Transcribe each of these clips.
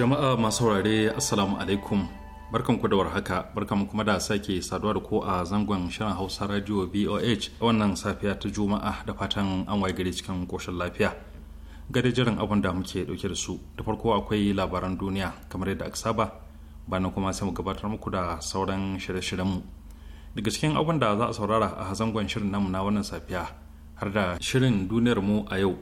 jama'a masu saurare assalamu alaikum barkan ku da warhaka barkan kuma da sake saduwa da ku a zangon shirin hausa radio voh wannan safiya ta juma'a da fatan an waye gari cikin koshin lafiya gada jiran abin da muke dauke da su da farko akwai labaran duniya kamar yadda aka saba bana kuma sai mu gabatar muku da sauran shirye mu daga cikin abin da za a saurara a zangon shirin namu na wannan safiya har da shirin duniyar mu a yau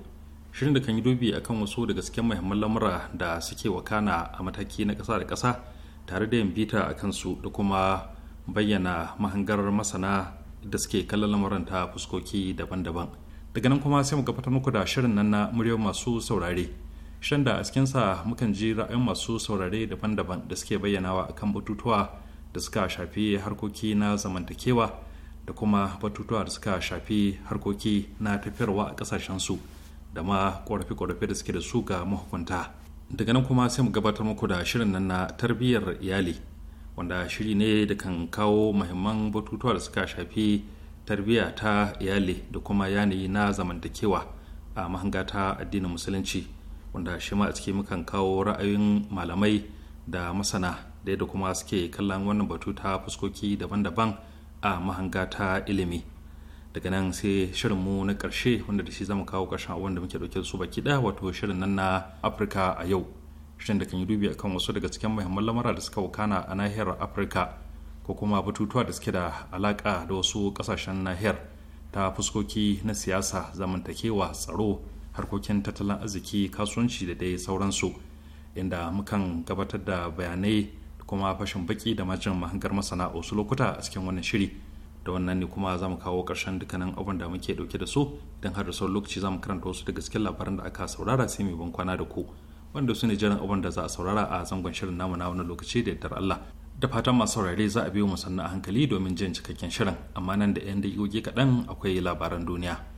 shirin da kan yi dubi akan wasu daga cikin muhimman lamura da suke wakana a mataki na ƙasa da kasa tare da yin bita a kansu da kuma bayyana mahangar masana da suke kallon lamuran ta fuskoki daban-daban daga nan kuma sai mu gabatar muku da shirin nan na muryar masu saurare shirin da a cikinsa mukan ji ra'ayin masu saurare daban-daban da suke bayyanawa akan batutuwa da suka shafi harkoki na zamantakewa da kuma batutuwa da suka shafi harkoki na tafiyarwa a ƙasashen su da ma korafe-korafe da suke da su ga mahukunta daga nan kuma sai mu gabatar muku da shirin nan na tarbiyyar iyali wanda shiri ne da kan kawo mahimman batutuwa da suka shafi tarbiyya ta iyali da kuma yanayi na zamantakewa a mahanga ta addinin musulunci wanda shi ma a ciki mukan kawo ra'ayoyin malamai da masana da kuma suke kallon wannan batu ta fuskoki daban-daban a mahanga ta ilimi. daga nan sai shirin mu na ƙarshe wanda da shi zama kawo ƙarshen abin da muke ɗauke su baki ɗaya wato shirin nan na afirka a yau shirin da kan yi dubi akan wasu daga cikin muhimman lamura da suka wakana a nahiyar afirka ko kuma batutuwa da suke da alaka da wasu kasashen nahiyar ta fuskoki na siyasa zamantakewa tsaro harkokin tattalin arziki kasuwanci da dai sauransu inda mukan gabatar da bayanai da kuma fashin baki da majin mahangar masana a wasu lokuta a cikin wannan shiri da wannan ne kuma za mu kawo ƙarshen dukkanin abin da muke dauke da su don har da sauran lokaci za mu karanta wasu daga cikin labaran da aka saurara sai mai ban kwana da ku wanda su ne jiran abin da za a saurara a zangon shirin namu na wani lokaci da yardar Allah da fatan masu saurare za a biyo mu sannu a hankali domin jin cikakken shirin amma nan da 'yan daƙiƙoƙi kaɗan akwai labaran duniya.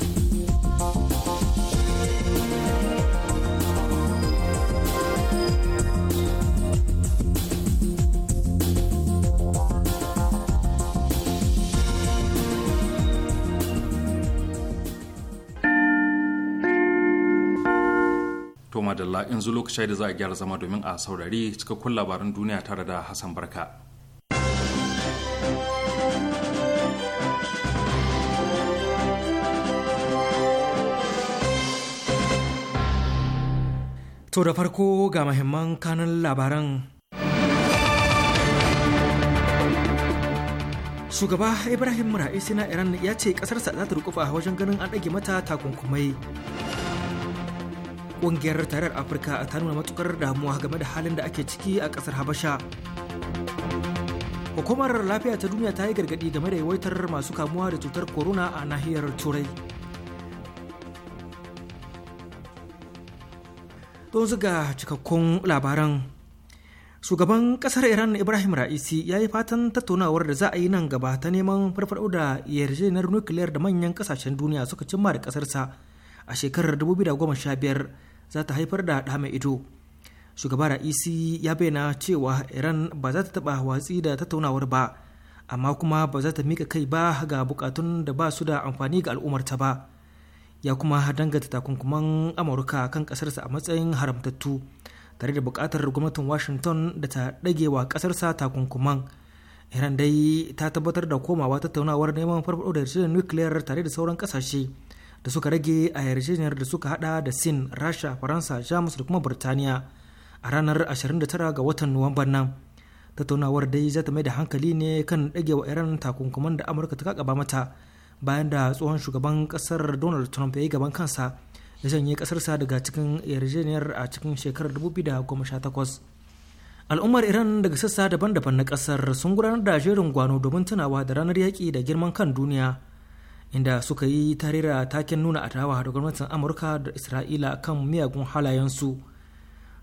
in yanzu lokaci da za a gyara zama domin a saurari cikakkun labaran duniya tare da hassan barka to da farko ga mahimman kanun labaran shugaba ibrahim ra'isi na iran ya ce kasarsa za ta rukufa wajen ganin an ɗage mata takunkumai ƙungiyar tarayyar afirka ta nuna matukar damuwa game da halin da ake ciki a ƙasar habasha hukumar lafiya ta duniya ta yi gargadi game da yawaitar masu kamuwa da cutar corona a nahiyar turai don ga cikakkun labaran shugaban kasar iran ibrahim ra'isi ya yi fatan tattaunawar da za a yi nan gaba ta neman farfaɗo da yarjejeniyar nukiliyar da manyan kasashen duniya suka cimma da kasarsa a shekarar 2015 za ta haifar da ɗa mai ido shugaba ra'isi ya bayyana cewa iran ba za ta taɓa watsi da tattaunawar ba amma kuma ba za ta mika kai ba ga bukatun da ba su da amfani ga al'ummarta ba ya kuma dangata takunkuman amurka kan ƙasarsa a matsayin haramtattu tare da buƙatar gwamnatin washington da ta ɗage wa ƙasarsa takunkuman iran dai ta tabbatar da komawa tattaunawar neman farfaɗo da yarjejeniyar nukiliyar tare da sauran ƙasashe da suka rage a yarjejeniyar da suka hada da sin rasha faransa jamus da kuma burtaniya a ranar 29 ga watan nuwamban nan tattaunawar dai za ta mai da hankali ne kan ɗage wa iran takunkuman da amurka ta ba mata bayan da tsohon shugaban kasar donald trump ya yi gaban kansa ya janye kasarsa daga cikin yarjejeniyar a cikin shekarar 2018 al'ummar iran daga sassa daban-daban na kasar sun gudanar da jerin gwano domin tunawa da ranar yaƙi da girman kan duniya inda suka yi tarira taken nuna adawa da gwamnatin amurka da isra'ila kan miyagun halayensu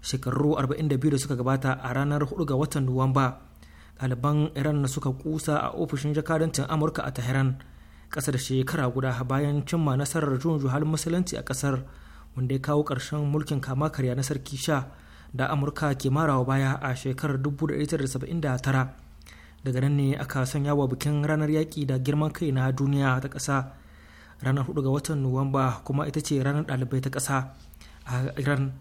shekaru 42 da suka gabata a ranar 4 ga watan nuwamba ɗaliban iran na suka kusa a ofishin jakadancin amurka a tehran ƙasa da shekara guda bayan cimma nasarar junju halin musulunci a ƙasar wanda ya kawo ƙarshen mulkin kama karya na sarki sha da amurka ke marawa baya a shekarar 1979 daga nan ne aka sanya wa bikin ranar yaƙi da girman kai na duniya ta ƙasa ranar 4 ga watan nuwamba kuma ita ce ranar ɗalibai ta ƙasa a iran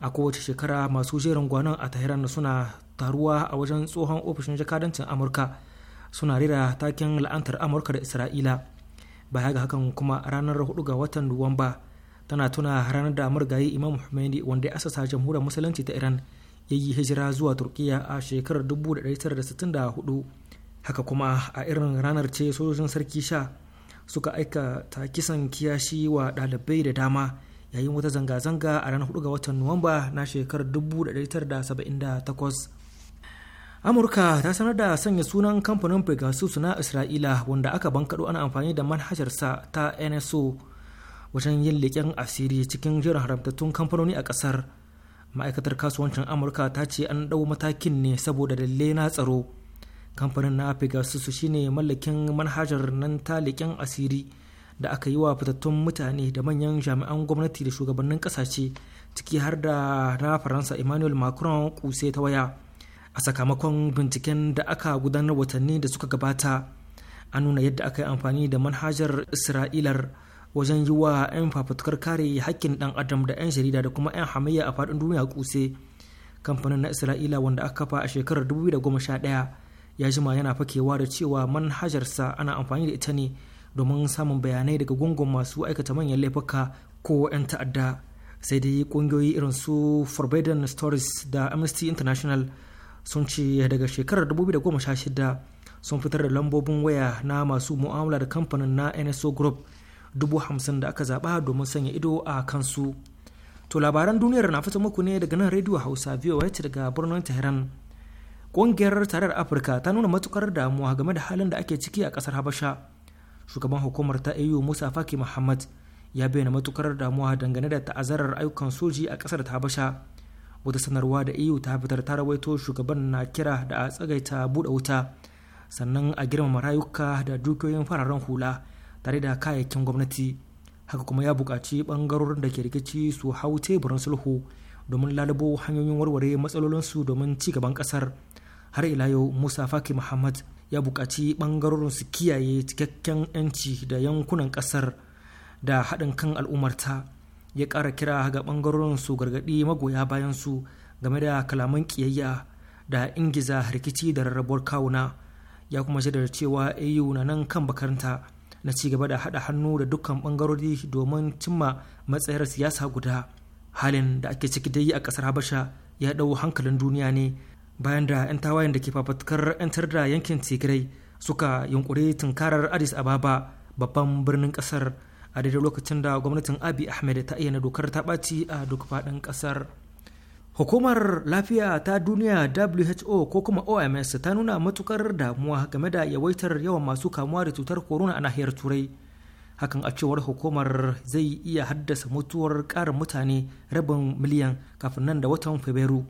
a kowace shekara masu jerin gwanon a tahiran suna taruwa a wajen tsohon ofishin jakadancin amurka suna rera takin la'antar amurka da isra'ila baya ga hakan kuma ranar 4 ga watan nuwamba tana tuna ranar da amurgayi imam Khomeini wanda ya asasa jamhuriyar musulunci ta iran ya yi hijira zuwa turkiya a shekarar 1964 haka kuma a irin ranar ce sojojin sarki sha suka aika takisan kiyashi wa ɗalibai da dama yayin wata zanga-zanga a ranar 4 ga watan nuwamba na shekarar 1978 amurka ta sanar da sanya sunan kamfanin pegasus na isra'ila wanda aka bankaɗo ana amfani da manhajarsa ta nso wajen yin leƙen asiri cikin jiran haramtattun kamfanoni a ƙasar ma'aikatar kasuwancin amurka ta ce an ɗau matakin ne saboda dalilai na tsaro kamfanin na susu shine mallakin manhajar nan ta asiri da aka yi wa fitattun mutane da manyan jami'an gwamnati da shugabannin ƙasashe ciki har da na faransa emmanuel macron kuse ta waya a sakamakon binciken da aka gudanar watanni da suka gabata an nuna yadda aka yi amfani da manhajar isra'ilar wajen yi wa 'yan fafutukar kare hakkin dan adam da 'yan jarida da kuma 'yan hamayya a fadin duniya kuse kamfanin na isra'ila wanda aka kafa a shekarar 2011 ya jima yana fakewa da cewa manhajarsa ana amfani da ita ne domin samun bayanai daga gungun masu aikata manyan laifuka ko 'yan ta'adda sai dai kungiyoyi irin su forbidden stories da amnesty international sun ce daga shekarar 2016 sun fitar da lambobin waya na masu mu'amala da kamfanin na nso group dubu hamsin da aka zaɓa domin sanya ido a kansu to labaran duniyar na fita muku ne daga nan rediyo hausa voa daga birnin tehran ƙungiyar tarar afirka ta nuna matukar damuwa game da halin da ake ciki a ƙasar habasha shugaban hukumar ta au musa faki muhammad ya bayyana matukar damuwa dangane da ta'azzarar ayyukan soji a ƙasar ta habasha wata sanarwa da eu ta fitar ta rawaito shugaban na kira da a tsagaita buɗe wuta sannan a girmama rayuka da dukiyoyin fararen hula tare da kayayyakin gwamnati haka kuma ya buƙaci ɓangarorin da ke rikici su hau teburin sulhu domin lalabo hanyoyin warware matsalolinsu domin ci gaban ƙasar har ila yau musa faki muhammad ya buƙaci ɓangarorin su kiyaye cikakken 'yanci da yankunan ƙasar da haɗin kan al'ummarta ya ƙara kira ga ɓangarorin su gargaɗi magoya bayan su game da kalaman ƙiyayya da ingiza rikici da rarrabuwar kawuna ya kuma shaidar cewa au na nan kan makaranta. na ci gaba da haɗa hannu da dukkan bangarori domin cimma matsayar siyasa guda halin da ake ciki dai a ƙasar habasha ya ɗau hankalin duniya ne bayan da 'yan tawayen da ke fafatkar 'yantar da yankin tigray suka yunkuri tunkarar addis ababa babban birnin ƙasar a daidai lokacin da gwamnatin abi ahmed ta ayyana dokar ta ɓaci a duk faɗin ƙasar Hukumar lafiya ta duniya WHO ko kuma OMS ta nuna matukar damuwa game da yawaitar yawan masu kamuwa da cutar corona a nahiyar Turai. Hakan a cewar hukumar zai iya haddasa mutuwar ƙarin mutane rabin miliyan kafin nan da watan Fabrairu.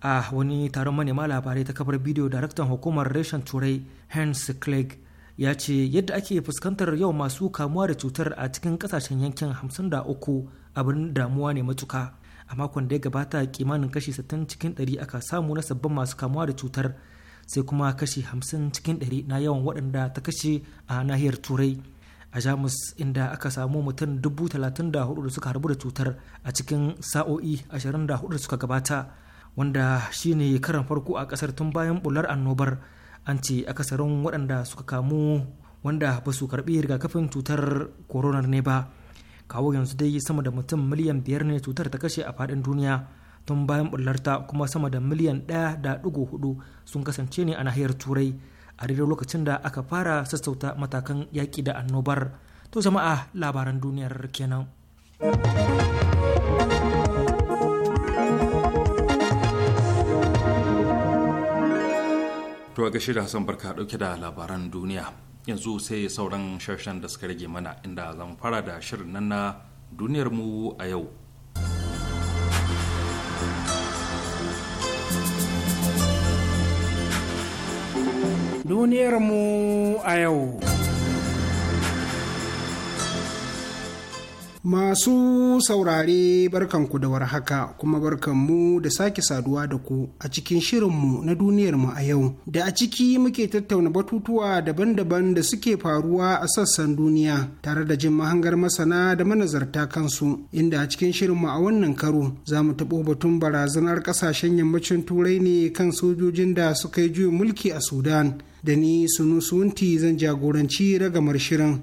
A wani taron manema labarai ta kafar bidiyo daraktan hukumar reshen Turai Hans Clegg ya ce yadda ake fuskantar yawan masu kamuwa da cutar a cikin kasashen yankin 53 abin damuwa ne matuka. a makon da ya gabata kimanin kashi 60 cikin 100 aka samu na sabbin masu kamuwa da cutar sai kuma kashi 50 cikin 100 na yawan waɗanda ta kashe a nahiyar turai a jamus inda aka samu mutum 34 da suka harbu da cutar a cikin sa'o'i 24 da suka gabata wanda shine karan farko a kasar tun bayan bular annobar an ce akasarin waɗanda suka kamu wanda ba su karɓi rigakafin cutar koronar ne ba kawo yanzu dai sama da mutum miliyan biyar ne cutar ta kashe a faɗin duniya tun bayan bullarta kuma sama da miliyan ɗaya da dugu hudu sun kasance ne a nahiyar turai a daidai lokacin da aka fara sassauta matakan yaƙi da annobar to jama'a labaran duniyar kenan to a gashi da hassan barka dauke da labaran duniya yanzu sai sauran sharshen da suka rage mana inda zamu fara da shirin nan na duniyar mu a yau duniyar mu a yau Masu saurare barkanku da warhaka kuma barkanmu da sake saduwa da ku a cikin shirinmu na duniyarmu a yau da a ciki muke tattauna batutuwa daban-daban da suke faruwa a sassan duniya tare da jin mahangar masana da manazarta kansu inda a cikin shirinmu a wannan karo za mu taɓo batun barazanar ƙasashen yammacin turai ne kan sojojin da suka yi juyin mulki a Sudan da ni Sunusunti zan jagoranci ragamar shirin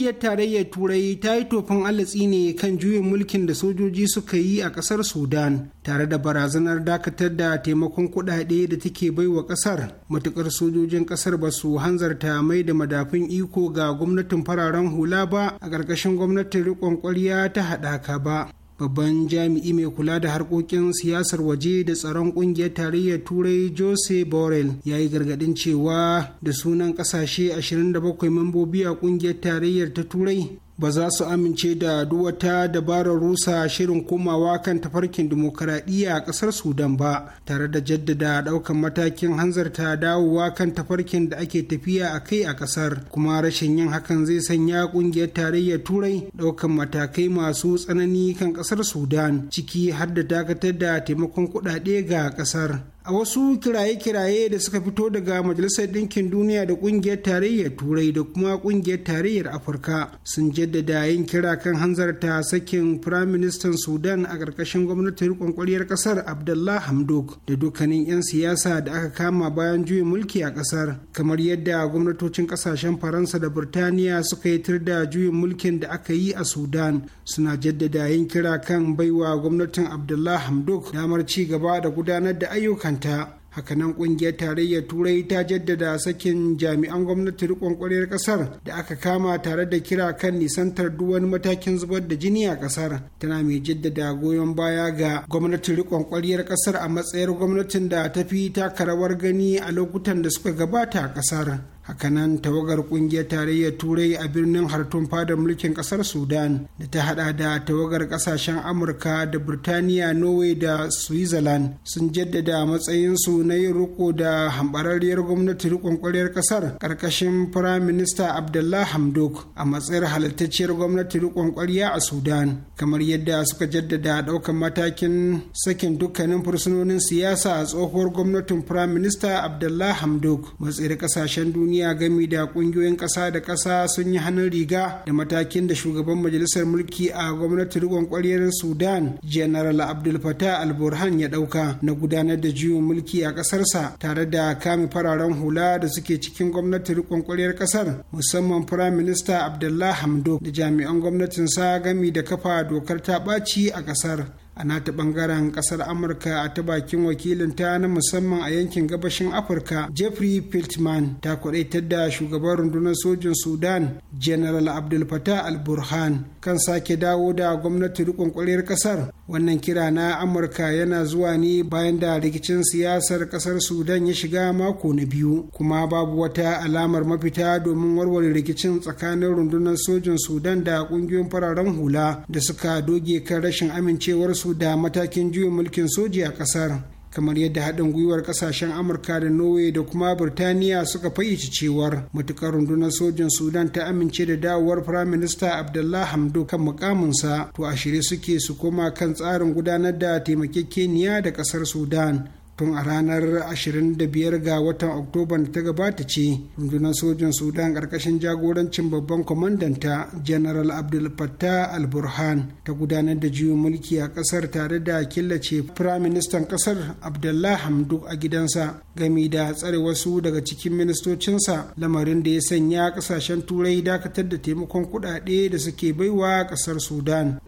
Ƙungiyar Tarayyar Turai ta yi tofin alatsi ne kan juyin mulkin da sojoji suka yi a ƙasar Sudan, tare da barazanar dakatar da taimakon kuɗaɗe da take wa ƙasar, matuƙar sojojin ƙasar ba su hanzarta mai da madafin iko ga gwamnatin fararen hula ba a ƙarƙashin gwamnatin riƙon ƙwarya ta haɗaka ba. babban jami'i mai kula da harkokin siyasar waje da tsaron kungiyar tarayyar turai jose borrell ya yi gargadin cewa da sunan kasashe 27 membobi a kungiyar tarayyar ta turai ba za su amince da duwata dabarar rusa shirin komawa kan tafarkin dimokuraɗiyya a ƙasar sudan ba tare da jaddada ɗaukan matakin hanzarta dawowa kan tafarkin da ake tafiya a kai a ƙasar kuma rashin yin hakan zai sanya ƙungiyar tarayyar turai ɗaukan matakai masu tsanani kan ƙasar sudan ciki har da dakatar da taimakon kuɗaɗe ga ƙasar a wasu kiraye-kiraye da suka fito daga majalisar ɗinkin duniya da ƙungiyar tarayyar turai da kuma ƙungiyar tarayyar afirka sun jaddada yin kira kan hanzarta sakin firaministan sudan a ƙarƙashin gwamnatin ƙwanƙwariyar ƙasar abdullah hamdok da dukkanin 'yan siyasa da aka kama bayan juyin mulki a ƙasar kamar yadda gwamnatocin ƙasashen faransa da burtaniya suka yi tir da juyin mulkin da aka yi a sudan suna jaddada yin kira kan baiwa gwamnatin abdullah Hamduk damar ci gaba da gudanar da ayyukanta hakanan kungiyar tarayyar turai ta jaddada sakin jami'an gwamnati rikon kwarar kasar da aka kama tare da kira kan nisantar duwan matakin zubar da jini a kasar tana mai jaddada goyon baya ga gwamnati rikon kwarar kasar a matsayar gwamnatin da ta fi taka gani a lokutan da suka gabata a kasar hakanan tawagar kungiyar tarayyar turai a birnin hartun fadar mulkin kasar sudan da ta hada da tawagar kasashen amurka da birtaniya norway da switzerland sun jaddada matsayinsu na yin riko da hambararriyar gwamnati rikon kwaryar kasar karkashin firayim minista abdullah hamdok a matsayar halittacciyar gwamnati rikon kwarya a sudan kamar yadda suka jaddada daukan matakin sakin dukkanin fursunonin siyasa a tsohuwar gwamnatin firayim minista abdullah hamdok matsayar kasashen duniya duniya gami da kungiyoyin kasa da kasa sun yi hannun riga da matakin da shugaban majalisar mulki a gwamnatin riƙon kwaryar sudan general abdul fatah al-burhan ya ɗauka na gudanar da juyin mulki a ƙasarsa tare da kame fararen hula da suke cikin gwamnatin riƙon kwaryar ƙasar musamman firayim minista abdullah hamdo da jami'an gwamnatinsa gami da kafa dokar ta ɓaci a ƙasar a nata bangaren kasar amurka a ta bakin wakilinta na musamman a yankin gabashin afirka jeffrey piltman ta kwadaitar da shugaban rundunar sojin sudan general abdul fatah al-burhan kan sake dawo da gwamnati rikon kwarar kasar wannan kira na amurka yana zuwa ne bayan da rikicin siyasar kasar sudan ya shiga mako na biyu kuma babu wata alamar mafita domin warware rikicin tsakanin rundunar sojin sudan da kungiyoyin fararen hula da suka doge kan rashin amincewar su da matakin juyin mulkin soji a kasar kamar yadda haɗin gwiwar ƙasashen amurka da norway da kuma birtaniya suka fayyace cewar matukar rundunar sojin sudan ta amince da dawowar firaminista abdullah hamdo kan mukaminsa to a shirye suke su koma kan tsarin gudanar da taimakekeniya da ƙasar sudan tun a ranar 25 ga watan oktoban da ta gabata ce rundunar sojin sudan ƙarƙashin jagorancin babban kwamandanta general abdul fattah al-burhan ta gudanar da juyin mulki a ƙasar tare da killace firaministan ƙasar abdullah hamduk a gidansa gami da tsare wasu daga cikin ministocinsa lamarin da ya sanya ƙasashen turai dakatar da taimakon kuɗaɗe da suke baiwa ƙasar sudan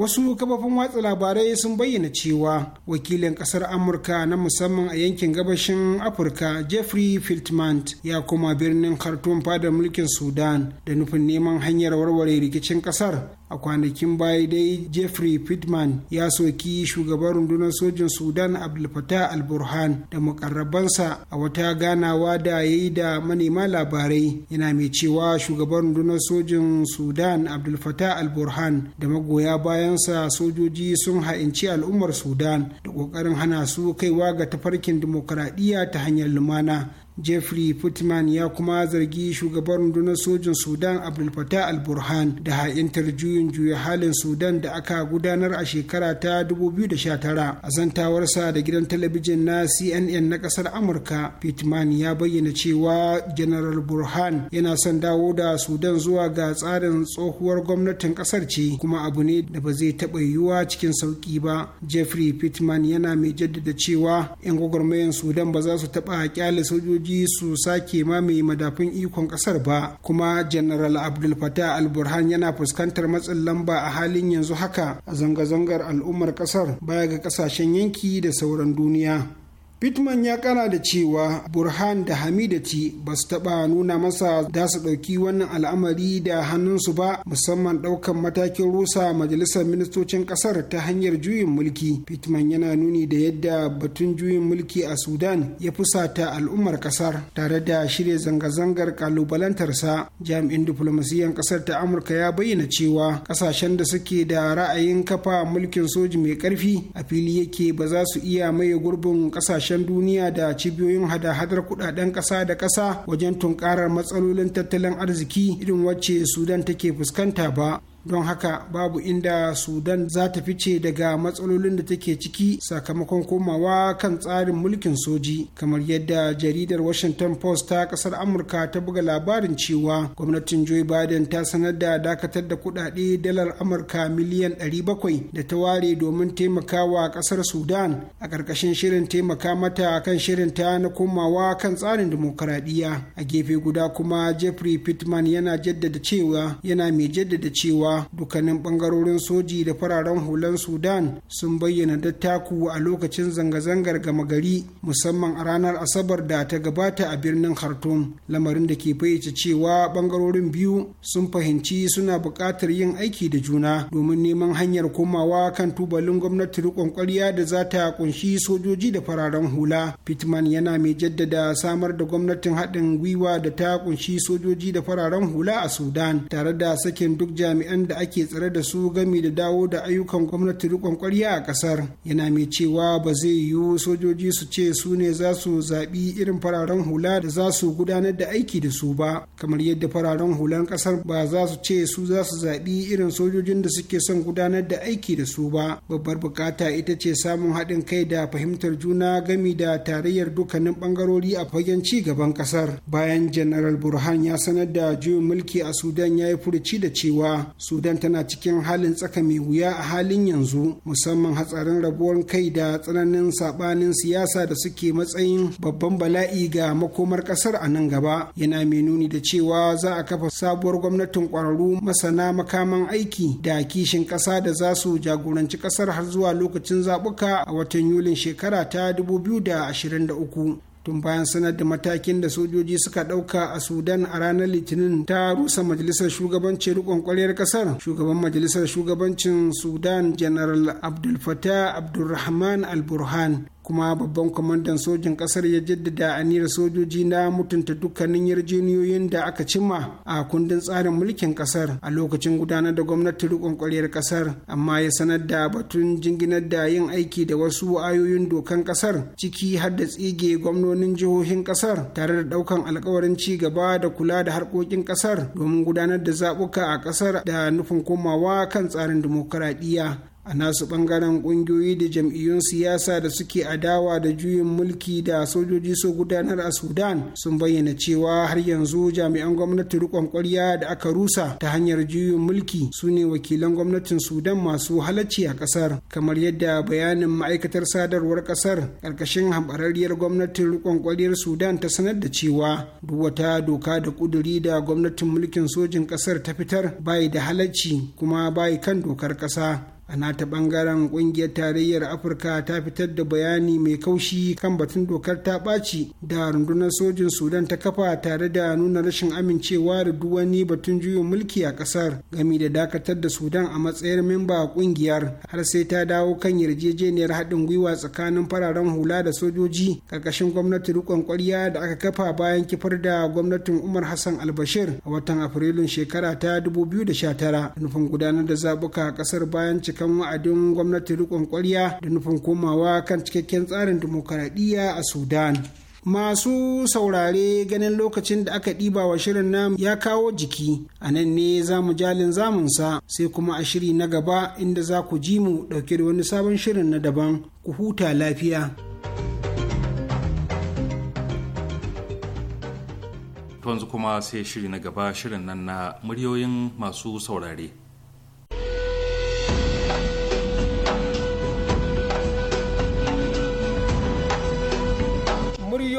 wasu kafafen watsa labarai sun bayyana cewa wakilin kasar amurka na musamman a yankin gabashin afirka jeffrey filtman ya koma birnin khartoum fadar mulkin sudan da nufin neman hanyar warware rikicin kasar a kwanakin baya dai jeffrey pittman ya soki shugaban rundunar sojin sudan abdulfatah al-burhan da makarrabansa a wata ganawa da ya yi da manema labarai yana mai cewa shugaban rundunar sojin sudan abdulfatah al-burhan da magoya bayansa sojoji sun ha'inci al'ummar sudan da kokarin hana su kaiwa ga tafarkin dimokuraɗiyya ta hanyar lumana jeffrey putman ya kuma zargi shugaban rundunar sojin sudan abdul fatah al-burhan da ha'intar juyin juya halin sudan da aka gudanar a shekara ta 2019 a zantawarsa da gidan talabijin na cnn na kasar amurka pittman ya bayyana cewa general burhan yana son dawo da sudan zuwa ga tsarin tsohuwar gwamnatin kasar ce kuma abu ne da ba zai taɓa yiwuwa cikin sauƙi ba jeffrey pittman yana mai jaddada cewa 'yan gwagwarmayan sudan ba za su taɓa kyale sojoji sojoji su sake mamaye madafin ikon kasar ba kuma general abdul fatah al-burhan yana fuskantar matsin lamba a halin yanzu haka a zanga-zangar al'ummar kasar baya ga kasashen yanki da sauran duniya Pittman ya kara da cewa Burhan da Hamidati ba su taɓa nuna masa za su ɗauki wannan al'amari da hannunsu ba musamman ɗaukan matakin rusa majalisar ministocin ƙasar ta hanyar juyin mulki. Pittman yana nuni da yadda batun juyin mulki a Sudan ya fusata al'ummar ƙasar tare da shirya zanga-zangar kalubalantarsa. Jami'in diflomasiyan ƙasar ta Amurka ya bayyana cewa ƙasashen da suke da ra'ayin kafa mulkin soji mai ƙarfi a fili yake ba za su iya maye gurbin ƙasashen kasashen duniya da cibiyoyin hada-hadar kudaden ƙasa da ƙasa wajen tunkarar matsalolin tattalin arziki irin wacce sudan take fuskanta ba don haka babu inda sudan za ta fice daga matsalolin da take ciki sakamakon komawa kan tsarin mulkin soji kamar yadda jaridar washington post ta kasar amurka ta buga labarin cewa gwamnatin joe biden ta sanar da dakatar da kudade dalar amurka miliyan 700 da ta ware domin taimakawa kasar sudan a ƙarƙashin shirin taimaka mata kan shirin ta na komawa kan tsarin dimokuraɗiyya a gefe guda kuma jeffrey pittman yana jaddada cewa yana mai jaddada cewa cewa dukkanin bangarorin soji da fararen hulan sudan sun bayyana dattaku a lokacin zanga-zangar gama gari musamman a ranar asabar da ta gabata a birnin khartoum lamarin da ke fayyace cewa bangarorin biyu sun fahimci suna buƙatar yin aiki da juna domin neman hanyar komawa kan tubalin gwamnati riƙon ƙwarya da za ta kunshi sojoji da fararen hula pittman yana mai jaddada samar da gwamnatin haɗin gwiwa da ta kunshi sojoji da fararen hula a sudan tare da sakin duk jami'an da ake tsare da su gami da dawo da ayyukan gwamnati rikon kwarya a kasar yana mai cewa ba zai yiwu sojoji su ce su ne za su zaɓi irin fararen hula da za su gudanar da aiki da su ba kamar yadda fararen hulan ƙasar ba za su ce su za su zaɓi irin sojojin da suke son gudanar da aiki da su ba babbar bukata ita ce samun haɗin kai da fahimtar juna gami da tarayyar dukkanin ɓangarori a fagen ci gaban ƙasar bayan janaral burhan ya sanar da juyin mulki a sudan ya yi furuci da cewa sudan tana cikin halin tsaka mai wuya a halin yanzu musamman hatsarin rabuwar kai da tsananin sabanin siyasa da suke matsayin babban bala'i ga makomar kasar a nan gaba yana mai nuni da cewa za a kafa sabuwar gwamnatin kwararru masana makaman aiki da kishin kasa da za su jagoranci kasar har zuwa lokacin zabuka a watan yulin shekara ta 2023 tun bayan sanar da matakin da sojoji suka ɗauka a sudan a ranar litinin ta rusa majalisar shugabancin rikon ƙwaryar ƙasar shugaban majalisar shugabancin sudan Janaral abdul abdulrahman al-burhan kuma babban kwamandan sojin kasar ya jaddada aniyar sojoji na mutunta dukkanin yarjejeniyoyin da aka cimma a kundin tsarin mulkin kasar a lokacin gudanar da gwamnati rikon kwaryar kasar amma ya sanar da batun jinginar da yin aiki da wasu ayoyin dokan kasar ciki har da tsige gwamnonin jihohin kasar tare da daukan alkawarin ci gaba da kula da harkokin kasar domin gudanar da zabuka a kasar da nufin komawa kan tsarin dimokuraɗiyya a nasu ɓangaren ƙungiyoyi da jam'iyyun siyasa da suke adawa da juyin mulki da sojoji su gudanar a sudan sun bayyana cewa har yanzu jami'an gwamnati rikon kwarya da aka rusa ta hanyar juyin mulki su ne wakilan gwamnatin sudan masu halacci a ƙasar. kamar yadda bayanin ma'aikatar sadarwar ƙasar, ƙarƙashin haɓararriyar gwamnatin rikon kwaryar sudan ta sanar da cewa duk wata doka da ƙuduri da gwamnatin mulkin sojin ƙasar ta fitar bai da halacci kuma bayi kan dokar ƙasa. a nata bangaren kungiyar tarayyar afirka ta fitar da bayani mai kaushi kan batun dokar ta ɓaci da rundunar sojin sudan ta kafa tare da nuna rashin amincewa da duwani batun juyin mulki a ƙasar gami da dakatar da sudan a matsayin memba kungiyar har sai ta dawo kan yarjejeniyar haɗin gwiwa tsakanin fararen hula da sojoji ƙarƙashin gwamnati riƙon ƙwarya da aka kafa bayan kifar da gwamnatin umar hassan albashir a watan afrilun shekara ta 2019 nufin gudanar da zaɓuka a ƙasar bayan cika kan wa'adin gwamnati rikon kwarya da nufin komawa kan cikakken tsarin dimokuraɗiyya a sudan masu saurare ganin lokacin da aka ɗiba wa shirin nan ya kawo jiki a nan ne za mu jalin zamunsa sai kuma a shiri na gaba inda za ku ji mu ɗauke da wani sabon shirin na daban ku huta lafiya yanzu kuma sai shiri na gaba shirin nan na muryoyin masu saurare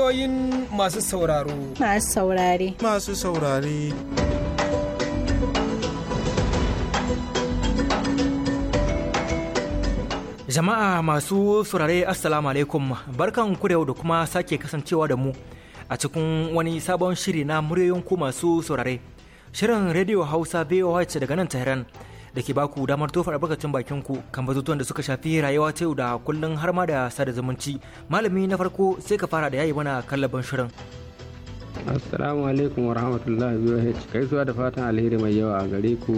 Muryoyin masu sauraro. Masu saurare. Masu saurare. Jama'a masu saurare Assalamu alaikum barkan ku da yau da kuma sake kasancewa da mu a cikin wani sabon shiri na muryoyin ku masu saurare. Shirin Radio Hausa VOH daga nan Tehran da ke baku damar tofa albarkacin bakin ku kan batutuwan da suka shafi rayuwa ta yau da kullun har ma da sada zumunci. Malami na farko sai ka fara da yayi mana kallaban shirin. assalamu alaikum wa rahmatullahi wa kai zuwa da fatan alheri mai yawa a gare ku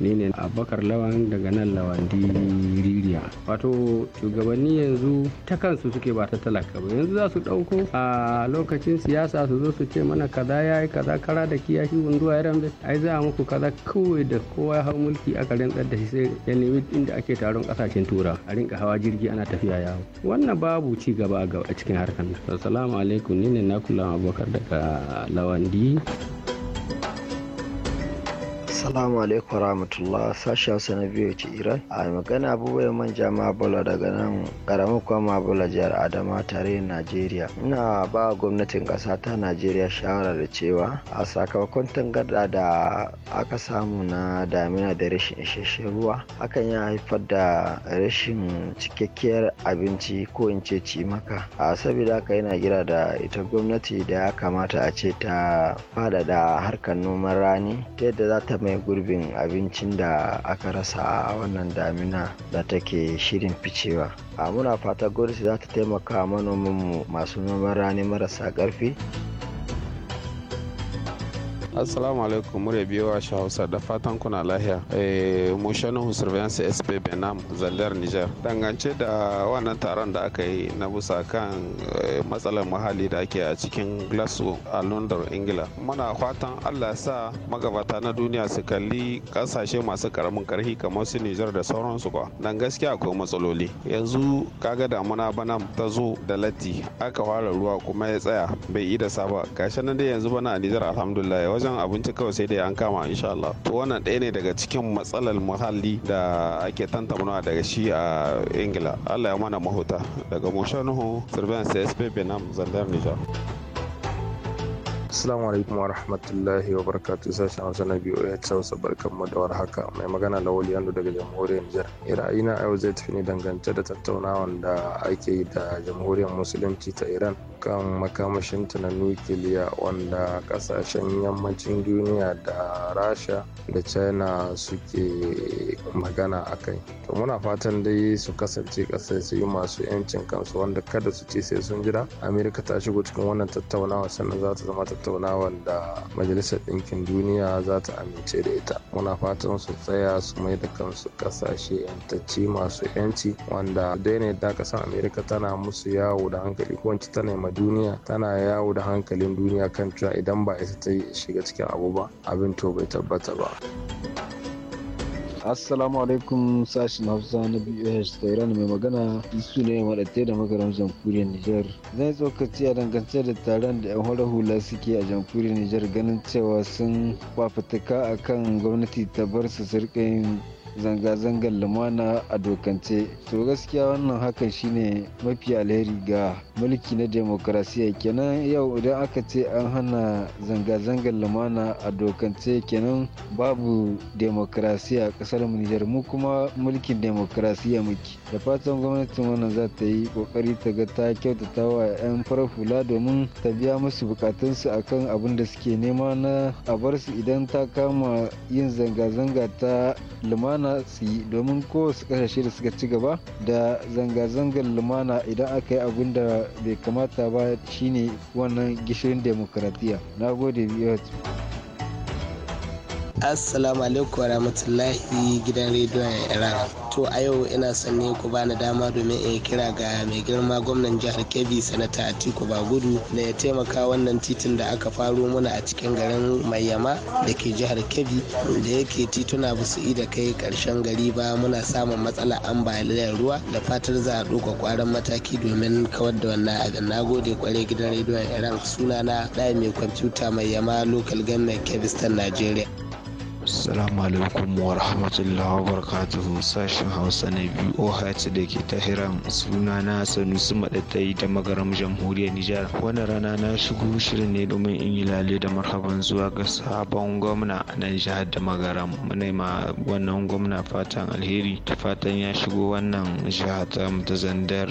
ne ne abakar lawan daga nan lawan diriya. wato shugabanni yanzu ta kansu suke ba ta talaka ba yanzu za su ɗauko a lokacin siyasa su zo su ce mana kaza ya yi kaza kara da kiyashi wunduwa ya rambe ai za a muku kaza kawai da kowa ya hau mulki aka rinka da shi sai ya nemi inda ake taron kasashen tura a rinka hawa jirgi ana tafiya yawo wannan babu ci gaba a cikin harkar assalamu alaikum ni ne na kula abubakar daga lawan D Assalamu alaikum warahmatullah sashen Hausa na biyu ce Iran. A magana abubuwan manja Mabola daga nan karamin kwama Mabola jihar Adama tare Najeriya. Ina ba gwamnatin ƙasa ta Najeriya shawara da cewa a sakamakon tangarda da aka samu na damina da rashin isasshen ruwa hakan ya haifar da rashin cikakkiyar abinci ko in ce cimaka. A saboda haka yana gira da ita gwamnati da ya kamata a ce ta faɗaɗa harkar noman rani ta yadda za ta mai gurbin abincin da aka rasa a wannan damina da take shirin ficewa a muna fata gwamnati za ta taimaka mu masu noman rani marasa ƙarfi assalamu alaikum murya biyo a hausa da fatan kuna lahiya eh, mu surveillance sp benam zallar niger dangance da wannan taron da aka yi na busa kan eh, matsalar muhalli da ake a cikin glasgow a london ingila muna fatan allah sa magabata na duniya su kalli kasashe masu karamin karfi kamar su niger da sauransu ba dan gaskiya akwai matsaloli yanzu kaga damuna bana ta zo da latti aka fara ruwa kuma ya tsaya bai yi da saba gashi nan dai yanzu bana a niger alhamdulillah wajen wajen abinci kawai sai dai an kama insha Allah to wannan ɗaya ne daga cikin matsalar muhalli da ake tantamnawa daga shi a Ingila Allah ya mana mahuta daga Moshanuhu Sirven CSP Benam Zandar Nijar Assalamu alaikum wa rahmatullahi wa barakatuhu sashen Hausa na biyu ya ci wasu barkan mu da warhaka mai magana Lawal Yando daga jamhuriyar Nijar. Ra'ayina yau zai tafi ne dangance da tattaunawan da ake yi da jamhuriyar musulunci ta Iran kan makamashin ta na nukiliya wanda kasashen yammacin duniya da Rasha da China suke magana a kai. To muna fatan dai su kasance kasance masu yancin kansu wanda kada su ce sai sun jira Amerika ta shigo cikin wannan tattaunawa sannan za ta zama ta tattaunawan da majalisar ɗinkin duniya za ta amince da ita muna fatan su tsaya su mai da kansu ƙasashe yantacci masu yanci wanda dai ne da ƙasar amerika tana musu yawo da hankali ko wance tana duniya tana yawo da hankalin duniya kan cewa idan ba ita ta shiga cikin abu ba abin to bai tabbata ba. assalamu alaikum sashen hausa na bh iran mai magana isu ne ya da magaram jamhuriyar nijar zai tsokaci a dangance da taron da yan hula hula suke a jamhuriyar nijar ganin cewa sun a kan gwamnati ta bar su sirƙin zanga-zangar lumana a dokance to gaskiya wannan hakan shine mafi alheri ga mulki na demokrasiya kenan yau idan aka ce an hana zanga-zangar lumana a dokance kenan babu demokrasiya a kasar nijar mu kuma mulkin demokrasiya muke da fatan gwamnatin wannan za ta yi kokari ta ga ta kyautata wa 'yan farafula domin ta biya musu bukatunsu akan abin da suke nema na a bar su idan ta kama yin zanga-zanga ta lumana lumana su yi domin kowace kasashe da suka ci gaba da zanga-zangar lumana idan aka yi abin da bai kamata ba shine wannan gishirin demokradiyya na gode biyu. assalamu alaikum warahmatullahi gidan rediyon iran to a yau ina son ne ku bani dama domin in kira ga mai girma gwamnan jihar kebbi sanata atiku bagudu da ya taimaka wannan titin da aka faro muna a cikin garin mayama da ke jihar kebbi da yake tituna ba su da kai karshen gari ba muna samun matsala ambaliyar ruwa da fatar za a ɗauka kwaran mataki domin kawar da wannan abin na gode kwarai gidan rediyon iran sunana ɗaya mai kwamfuta mai yama local government kebbi najeriya Assalamu alaikum wa rahmatullahi wa barakatuhu sashen Hausa na VOH da ke Tahiran suna na Sanusi Madatai da magaram jamhuriyar Nijar. Wannan rana na shigo shirin ne domin in yi lale da marhaban zuwa ga sabon gwamna na jihar da magaram. Muna ma wannan gwamna fatan alheri ta fatan ya shigo wannan jiha ta ta zandar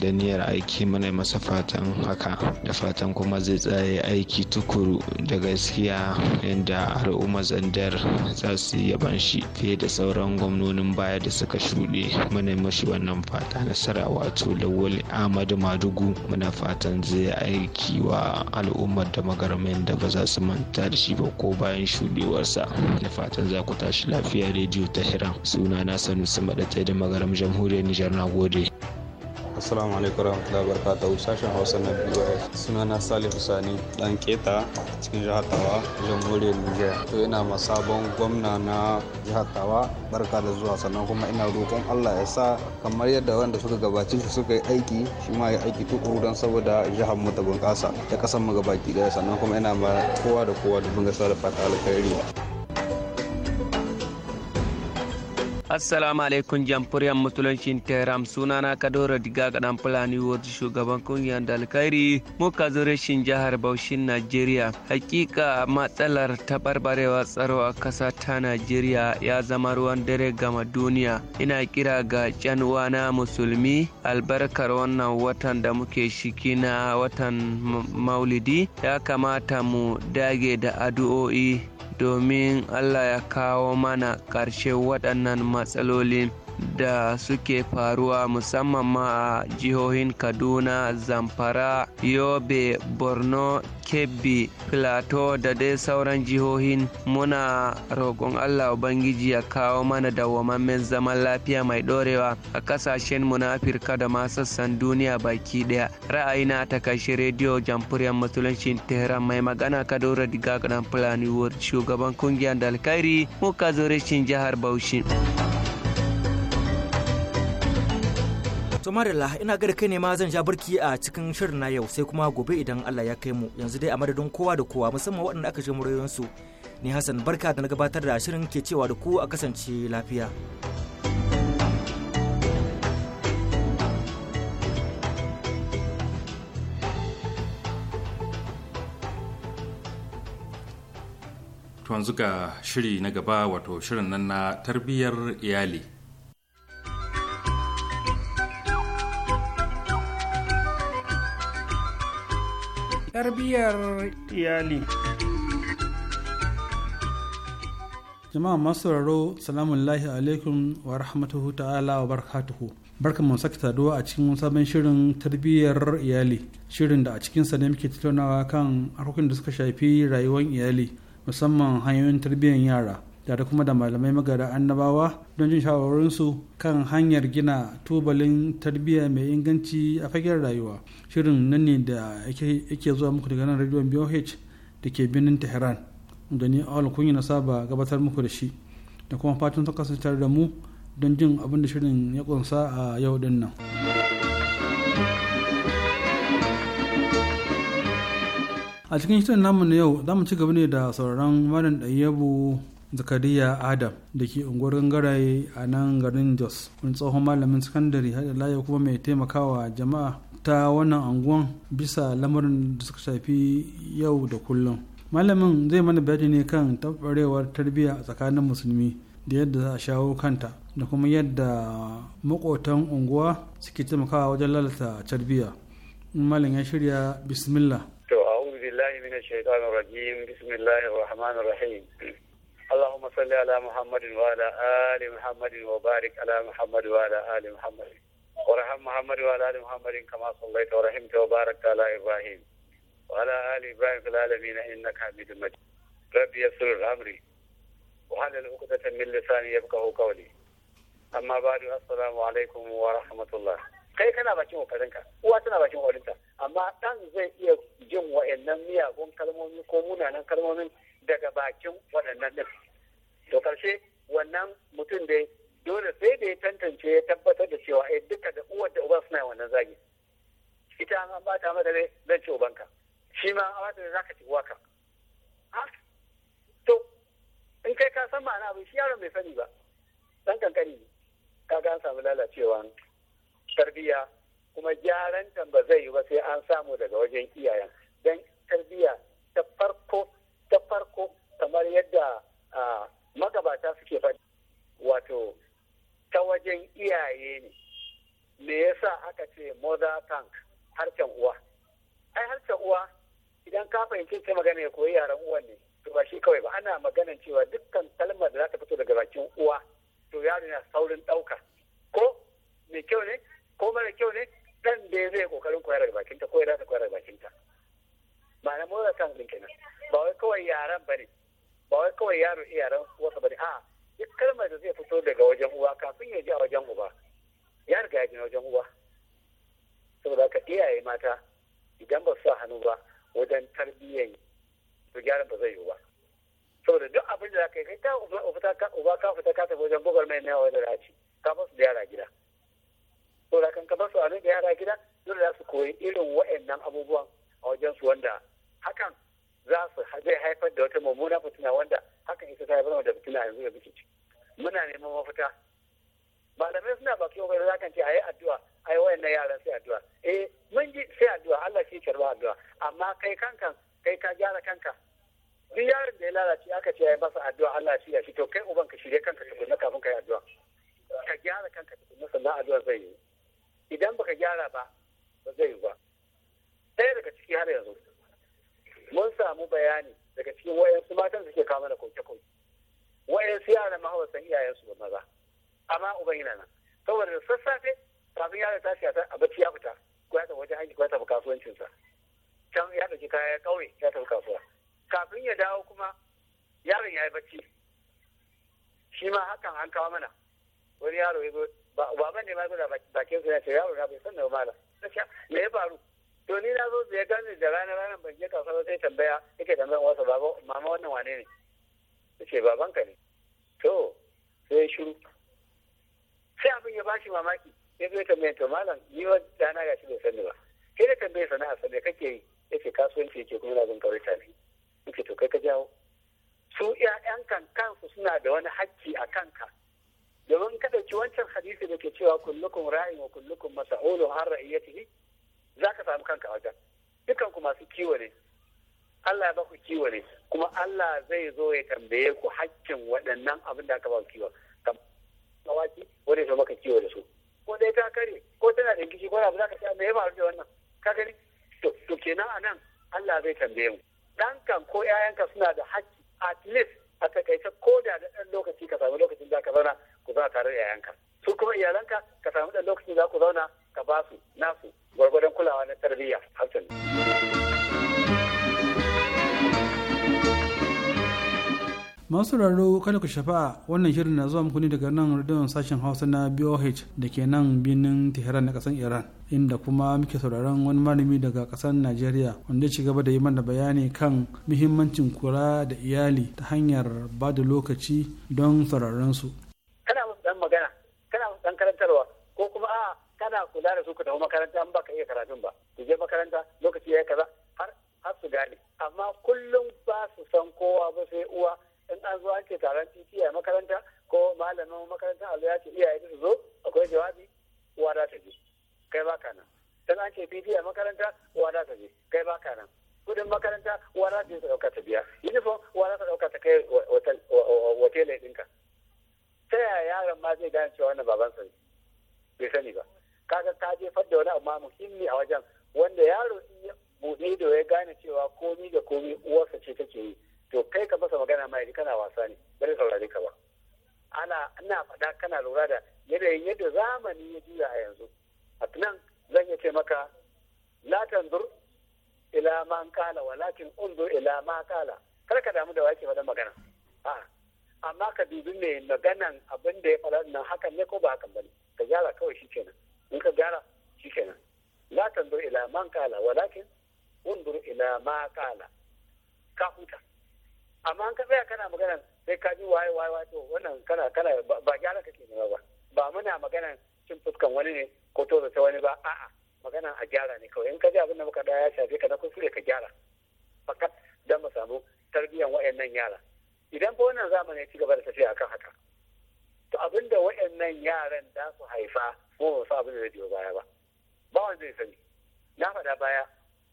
da niyyar aiki muna masa fatan haka da fatan kuma zai tsaye aiki tukuru da gaskiya yadda al'ummar zanzandar za su yaban shi fiye da sauran gwamnonin baya da suka shuɗe muna mashi wannan fata nasara wato lawal ahmadu madugu muna fatan zai aiki wa al'ummar da magarmin da ba za su manta da shi ba ko bayan shuɗewarsa da fatan za ku tashi lafiya rediyo ta hiran suna na sanusi maɗatai da magaram jamhuriyar nijar na gode assalamu alaikum warahmatullahi wabarakatuh sashen hausa na bif suna na salih sani dan keta cikin jihar tawa jamhuriyar niger to ina ma sabon gwamna na jihar tawa barka da zuwa sannan kuma ina roƙon allah ya sa kamar yadda wanda suka gabace shi suka yi aiki shi ma ya aiki tukuru don saboda jihar mu ta bunƙasa ta ƙasar mu gabaki ɗaya sannan kuma ina ma kowa da kowa da sa da fata alkhairi Assalamu alaikum jamhuriyar musuluncin Tehran sunana Kadoro Diga dan Fulani wadda shugaban kungiyar alkhairi muka zo rashin jihar Baushin Najeriya. Hakika matsalar tabarbarewa tsaro a kasa ta Najeriya ya zama ruwan dare gama duniya. Ina kira ga can na musulmi albarkar wannan watan da muke shiki na watan maulidi ya kamata mu dage da addu'o'i domin Allah ya kawo mana ƙarshe waɗannan matsalolin. da suke faruwa musamman ma a jihohin kaduna zamfara yobe borno kebbi plateau da dai sauran jihohin muna roƙon allah ubangiji ya kawo mana dawwamammen zaman lafiya mai ɗorewa a ƙasashen mu na afirka da ma sassan duniya baki ɗaya ra'ayina ta kashi rediyo jamfuriyar musulunci tehran mai magana kadoro diga kadan fulani shugaban kungiyar da alkhairi muka zo jihar bauchi. To Marilla ina ga kai ne ma zan ja barki a cikin shirin na yau sai kuma gobe idan Allah ya kai mu yanzu dai a madadin kowa da kowa musamman waɗanda aka je su ni Hassan barka da na gabatar da shirin ke cewa da ku a kasance lafiya. To yanzu ga shiri na gaba wato shirin nan na tarbiyyar iyali. tarbiyyar iyali jama'a masu raro salamun lahi alaikum wa rahmatuhu ta'ala wa barakatuhu barkan mu sake saduwa a cikin sabon shirin tarbiyyar iyali shirin da a sa ne muke tattaunawa kan harkokin da suka shafi rayuwar iyali musamman hanyoyin tarbiyyar yara da kuma da malamai magada annabawa don jin shawarorinsu kan hanyar gina tubalin tarbiyya mai inganci a fagen rayuwa shirin nan ne da yake zuwa muku daga nan rediyon boh da ke birnin tehran da ni awal kunyi na saba gabatar muku da shi da kuma fatan ta kasance da mu don jin abin da shirin ya kunsa a yau din nan. a cikin shirin namu na yau za mu ci gaba ne da sauraron malam ɗayyabu zakariya adam da ke unguwar gangaraye a nan garin jos wani tsohon malamin sakandare haɗa layi kuma mai taimakawa jama'a ta wannan anguwan bisa lamarin da suka shafi yau da kullum malamin zai mana bayani ne kan tabarewar tarbiyya a tsakanin musulmi da yadda za a shawo kanta da kuma yadda makotan unguwa suke taimakawa wajen lalata tarbiyya malam ya shirya bismillah to a'udhu billahi minash shaitanir rajim bismillahir rahmanir rahim اللهم صل على محمد وعلى آل محمد وبارك على محمد وعلى آل محمد ورحم محمد وعلى آل محمد كما صليت ورحمت وباركت على إبراهيم وعلى آل إبراهيم في العالمين إنك حميد مجيد ربي يسر أمري وحلل العقدة من لساني يبقه قولي amma بعد السلام عليكم alaikum الله kai kana bakin kokarinka uwa tana bakin kokarinta amma dan zai iya jin wa'annan miyagun kalmomi ko munanan kalmomin daga bakin waɗannan ɗin to ƙarshe wannan mutum dai dole sai da ya tantance ya tabbatar da cewa eh duka da uwar da uban suna wannan zagi ita an ba ta mata dai zan ci ubanka shi ma an ba da za ka ci to in kai ka san ma'ana abin shi yaron bai sani ba dan kankani ne ga an samu lalacewa tarbiyya kuma gyaran ba zai yi ba sai an samu daga wajen iyayen don tarbiyya ta farko ta farko kamar yadda magabata suke faɗi wato ta wajen iyaye ne me yasa aka ce mother tank harshen uwa ai harshen uwa idan ka fahimci ta magana ya koyi yaran uwan ne to ba shi kawai ba ana maganan cewa dukkan kalmar da za ta fito daga bakin uwa to yaro na saurin ɗauka ko mai kyau ne ko mara kyau ne dan da zai kokarin koyar daga bakinta ko ya za ta koyar daga bakinta ba na more kan din kenan ba wai kawai yaran bane ba wai kawai yaro iyaran uwarsa bane a'a duk kalmar da zai fito daga wajen uwa kafin ya ji a wajen uba ya riga ya wajen uwa saboda haka iyaye mata idan ba su sa hannu ba wajen tarbiyyar to gyaran ba zai yiwu ba saboda duk abin da za ka yi kai ta uba ka fita ka tafi wajen bugar mai na yawon da ci ka basu da yara gida saboda kan ka basu a da yara gida dole za su koyi irin wa'annan abubuwan a wajen su wanda hakan za su zai haifar da wata mummuna fitina wanda hakan ita ta haifar da fitina yanzu da muke muna neman mafita malamai suna ba kyau za kan ce a yi addu'a a yi wayannan yaran sai addu'a eh mun ji sai addu'a Allah shi karba addu'a amma kai kanka kai ka gyara kanka duk yaron da ya lalace aka ce ya masa addu'a Allah shi ya shi to kai uban ka shirye kanka gudu kafin ka yi addu'a ka gyara kanka tukunna sannan addu'a zai yi idan baka gyara ba ba zai yi ba ɗaya daga ciki har yanzu mun samu bayani daga cikin wayansu matan suke kama da koke-koke wayansu yara mahawarsan hawa san iyayensu ba maza amma uban yana nan saboda da sassafe kafin yara shi a bacci ya fita ko ya tafi wajen ko ya tafi kasuwancinsa can ya ɗauki kaya ya ƙauye ya tafi kasuwa kafin ya dawo kuma yaron ya yi bacci shi ma hakan an kawo mana wani yaro ya zo baban ne ma ya zo da su ya ce yaro na bai san ma malam na ce me ya faru to ni na zo ya gani da rana rana ban je kasuwa ba sai tambaya yake tambayan wasa baba mama wannan wane ne yace ka ne to sai shiru sai abin ya bashi mamaki ya zo ta tambaye to malam ni wa dana gashi bai sani ba sai da tambaye sana'a sa me kake yi yace kasuwanci yake kuma na zan kaurita ne yace to kai ka jawo su ƴaƴan kan kansu suna da wani hakki a kanka domin kada ɗauki wancan hadisi da ke cewa kullukum ra'in wa kullukum mas'ulun an ra'iyatihi za ka samu kanka a wajen dukan ku masu kiwo ne Allah ya baku kiwo ne kuma Allah zai zo ya tambaye ku hakkin waɗannan abin da aka ba kiwo kamar awaki wani zo maka kiwo da su ko dai ta kare ko tana da gishi ko abu za ka sha ah, me ya faru da wannan ka gani to to kenan anan Allah zai tambaye mu Dan kan ko yayanka suna da hakki at least a takaice ko da da ɗan lokaci ka samu lokacin da ka zauna ku zauna tare da yayanka su kuma iyalanka ka samu ɗan lokacin da ku zauna ka ba su nasu gwargwadon kulawa na tarbiyya hakan masu raro kada ku shafa wannan shirin na zuwa muku ne daga nan radiyon sashen hausa na boh da ke nan birnin tehran na kasan iran inda kuma muke sauraron wani malami daga kasar najeriya wanda ya ci gaba da yi mana bayani kan muhimmancin kura da iyali ta hanyar ba da lokaci don sauraron su kana musu dan magana kana musu dan karantarwa ko kuma aa kana kula da su ka tafi makaranta in baka iya karatun ba ku je makaranta lokaci ya kaza har har su gane amma kullum ba su san kowa ba sai uwa in an zo an ce taron titi a makaranta ko malamin makaranta a ya ce iyaye su zo akwai jawabi uwa za ta je kai ba kana dan an ce titi a makaranta uwa za ta je kai ba kana kudin makaranta uwa za ta je ta dauka ta biya uniform uwa za ta dauka ta kai hotel ɗinka ta yaya yaron ma zai gane cewa wannan babansa ne bai sani ba kaga ka jefar da wani amma muhimmi a wajen wanda yaro in buɗe da ya gane cewa komi da komi uwarsa ce take yi to kai ka masa magana ma yaji kana wasa ne bari saurare ka ba ana ina faɗa kana lura da yanayin yadda zamani ya juya a yanzu a nan zan iya ce maka la tanzur ila man kala walakin unzur ila ma kala kar ka damu da wake faɗa magana a amma ka dubi mai maganan abin da ya faɗa nan hakan ne ko ba hakan ne ka gyara kawai shi kenan in ka gyara shi kenan la tanzur ila man kala walakin undur ila ma kala ka huta amma an ka tsaya kana magana sai ka ji waye waye waye to wannan kana kana ba gyara kake nema ba ba muna magana cin fuskan wani ne ko to ta wani ba a'a magana a gyara ne kawai in ka ji abin da muka da ya shafe ka na kuskure ka gyara fakat dan mu samu tarbiyyar wayannan yara idan ba wannan zamani ya ci gaba da tafiya akan haka to abinda waɗannan yaran za su haifa ko ba su abin da zai biyo baya ba ba wanda zai sani na faɗa baya